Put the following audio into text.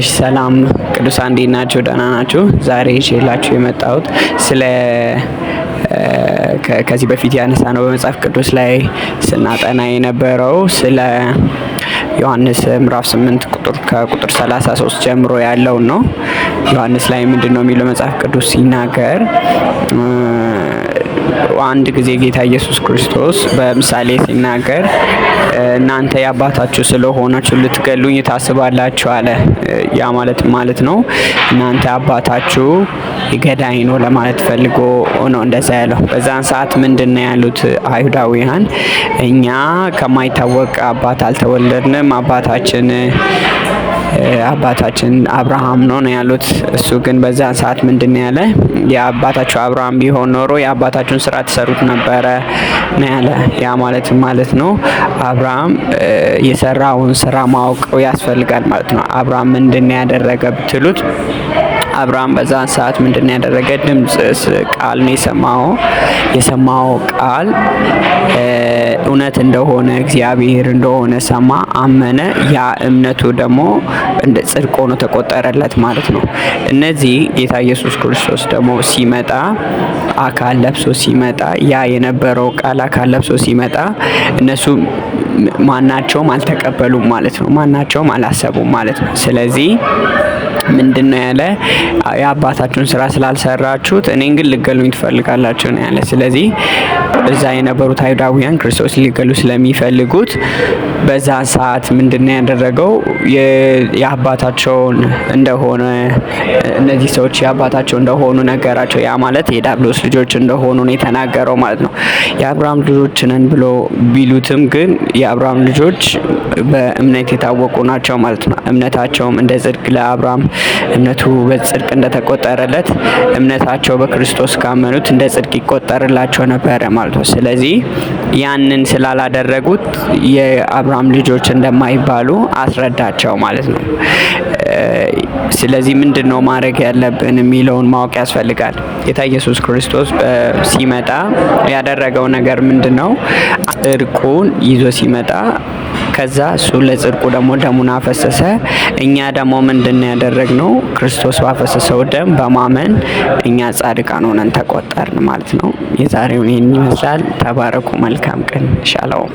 እሺ ሰላም ቅዱሳን እንዴት ናችሁ? ደህና ናችሁ? ዛሬ ይዤላችሁ የመጣሁት ስለ ከዚህ በፊት ያነሳ ነው በመጽሐፍ ቅዱስ ላይ ስናጠና የነበረው ስለ ዮሐንስ ምዕራፍ 8 ቁጥር ከቁጥር 33 ጀምሮ ያለውን ነው። ዮሐንስ ላይ ምንድን ነው የሚለው መጽሐፍ ቅዱስ ሲናገር አንድ ጊዜ ጌታ ኢየሱስ ክርስቶስ በምሳሌ ሲናገር እናንተ የአባታችሁ ስለሆናችሁ ልትገሉኝ ታስባላችሁ አለ። ያ ማለት ማለት ነው እናንተ አባታችሁ ገዳይ ነው ለማለት ፈልጎ ነው እንደዛ ያለው። በዛን ሰዓት ምንድን ነው ያሉት አይሁዳውያን? እኛ ከማይታወቅ አባት አልተወለድንም አባታችን አባታችን አብርሃም ነው ነው ያሉት። እሱ ግን በዛ ሰዓት ምንድን ያለ የአባታቸው አብርሃም ቢሆን ኖሮ የአባታችሁን ስራ ትሰሩት ነበረ ነው ያለ። ያ ማለት ማለት ነው አብርሃም የሰራውን ስራ ማወቅ ያስፈልጋል ማለት ነው። አብርሃም ምንድን ያደረገ ብትሉት አብርሃም በዛን ሰዓት ምንድን ያደረገ ድምጽ ቃል ነው የሰማው። የሰማው ቃል እውነት እንደሆነ እግዚአብሔር እንደሆነ ሰማ፣ አመነ። ያ እምነቱ ደግሞ እንደ ጽድቅ ሆኖ ተቆጠረለት ማለት ነው። እነዚህ ጌታ ኢየሱስ ክርስቶስ ደግሞ ሲመጣ አካል ለብሶ ሲመጣ ያ የነበረው ቃል አካል ለብሶ ሲመጣ እነሱ ማናቸውም አልተቀበሉም ማለት ነው። ማናቸውም አላሰቡም ማለት ነው። ስለዚህ ምንድን ነው ያለ የአባታችሁን ስራ ስላልሰራችሁት እኔን ግን ልገሉኝ ትፈልጋላችሁ ነው ያለ። ስለዚህ እዛ የነበሩት አይሁዳውያን ክርስቶስ ሊገሉ ስለሚፈልጉት በዛ ሰዓት ምንድን ነው ያደረገው? የአባታቸውን እንደሆነ እነዚህ ሰዎች የአባታቸው እንደሆኑ ነገራቸው። ያ ማለት የዳብሎስ ልጆች እንደሆኑ ነው የተናገረው ማለት ነው። የአብርሃም ልጆች ነን ብሎ ቢሉትም ግን የአብርሃም ልጆች በእምነት የታወቁ ናቸው ማለት ነው። እምነታቸውም እንደ ጽድቅ ለአብርሃም እምነቱ በጽ ጽድቅ እንደተቆጠረለት እምነታቸው በክርስቶስ ካመኑት እንደ ጽድቅ ይቆጠርላቸው ነበረ ማለት ነው። ስለዚህ ያንን ስላላደረጉት የአብርሃም ልጆች እንደማይባሉ አስረዳቸው ማለት ነው። ስለዚህ ምንድን ነው ማድረግ ያለብን የሚለውን ማወቅ ያስፈልጋል። ጌታ ኢየሱስ ክርስቶስ ሲመጣ ያደረገው ነገር ምንድን ነው? እርቁን ይዞ ሲመጣ ከዛ እሱ ለጽድቁ ደግሞ ደሙን አፈሰሰ። እኛ ደግሞ ምንድን ነው ክርስቶስ ባፈሰሰው ደም በማመን እኛ ጻድቃን ሆነን ተቆጠርን ማለት ነው። የዛሬውን ይህን ይመስላል። ተባረኩ። መልካም ቀን። ሻለውም።